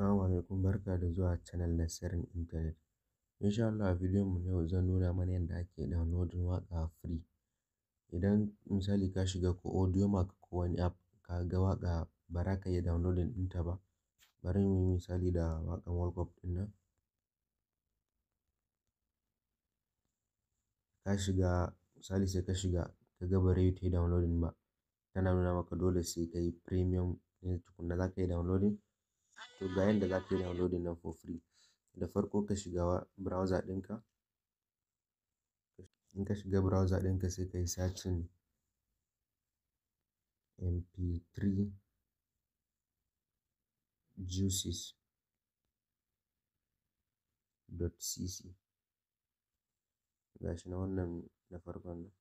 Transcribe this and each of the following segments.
Assalamu alaikum, barka da zuwa channel na sirrin intanet. Insha Allah a bidiyon mu na yau zan nuna mana yadda ake downloading waƙa free. Idan misali ka shiga ko audio mark ko wani app ka ga waƙa ba za ka iya downloading ɗinta ba. Bari muyi misali da waƙan World Cup ɗin nan. Ka shiga misali sai ka shiga ka ga ba ta yi downloading ba. Tana nuna maka dole sai ka yi premium ne eh, tukunna za ka yi downloading. To ga yanda za ka yi downloading nan for free. Da farko ka shiga browser ɗinka. In ka shiga browser ɗinka sai ka yi searching MP3 juices dot cc. Ga shi nan wannan na farkon nan.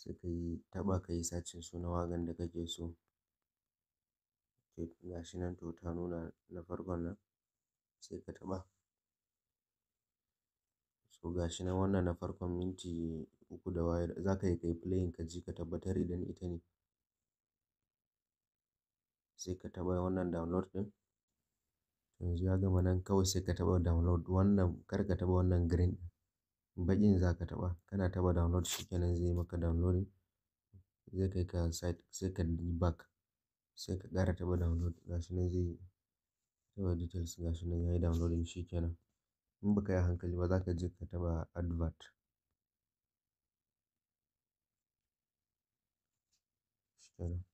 Sai ka yi taɓa ka yi searching suna wagan da kake so. sai gashi nan to ta nuna na farkon nan sai ka taɓa. So gashi nan wannan na farkon minti uku da wayar za ka yi kai playing ka ji ka tabbatar idan ita ne. Sai ka taɓa wannan download ɗin. Yanzu ya gama nan kawai sai ka taɓa download wannan kar ka taɓa wannan green ɗin. Baƙin za ka taɓa kana taɓa download shikenan zai maka downloading. Zai kai ka site sai ka yi back. sai ka ƙara taɓa download ga shi nan zai taɓa details ga shi nan yi downloading shi kenan. In ba ka yi a hankali ba za ka je ka taɓa advert. Shi kenan.